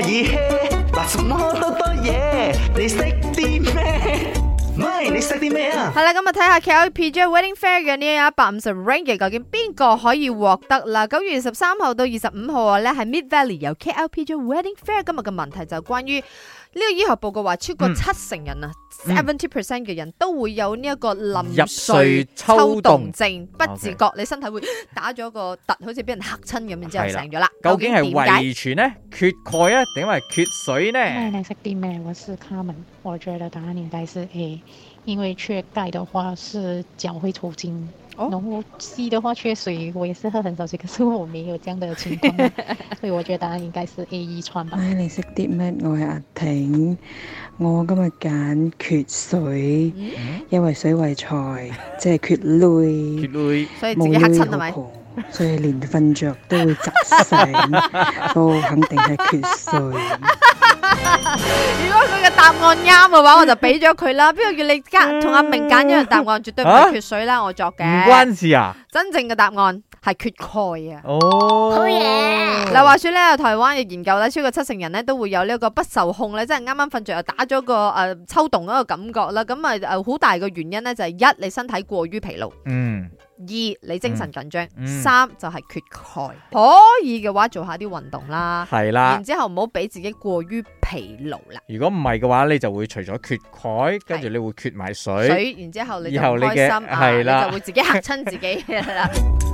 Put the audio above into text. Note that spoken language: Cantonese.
可什麼好多嘢？你識啲咩？係，你識啲咩啊？好啦，咁日睇下 KLPJ Wedding Fair 嘅呢一百五十 rank 嘅，究竟邊個可以獲得啦？九月十三號到二十五號啊，咧係 Mid Valley 由 KLPJ Wedding Fair 今日嘅問題就關於呢個醫學報告話，超過七成人啊。seventy percent 嘅人都會有呢一個臨入睡抽動症，不自覺你身體會打咗個突，好似俾人嚇親咁。之後醒咗啦，究竟係遺傳呢？缺鈣 啊，定係缺水呢？ 哎、你識啲咩？我是卡文，我覺得答案應該是 A，因為缺鈣的話是腳會抽筋，oh? 然後 C 的話缺水，我也是喝很少水，可是我沒有這樣的情況， 所以我覺得答案應該是 A 遺傳吧。哎、你識啲咩？我係阿婷。我今日揀缺水，因為水為財，即係缺鐳，所以自己嚇親係咪？所以連瞓着都會窒息，都 肯定係缺水。 如果佢嘅答案啱嘅話，我就俾咗佢啦。邊個叫你加同阿明揀一樣答案，絕對唔係缺水啦！我作嘅唔關事啊，真正嘅答案。係缺鈣啊！哦，好嘢，嗱，話說咧，台灣嘅研究咧，超過七成人咧都會有呢個不受控咧，即係啱啱瞓着又打咗個誒抽動嗰個感覺啦。咁啊誒，好大嘅原因咧就係、是、一你身體過於疲勞，嗯嗯，嗯，二你精神緊張，三就係、是、缺鈣。可以嘅話做下啲運動啦，係啦，然之後唔好俾自己過於疲勞啦。如果唔係嘅話，你就會除咗缺鈣，跟住你會缺埋水，水，然之後你就會開心，係啦，啊、你就會自己吓親自己啦。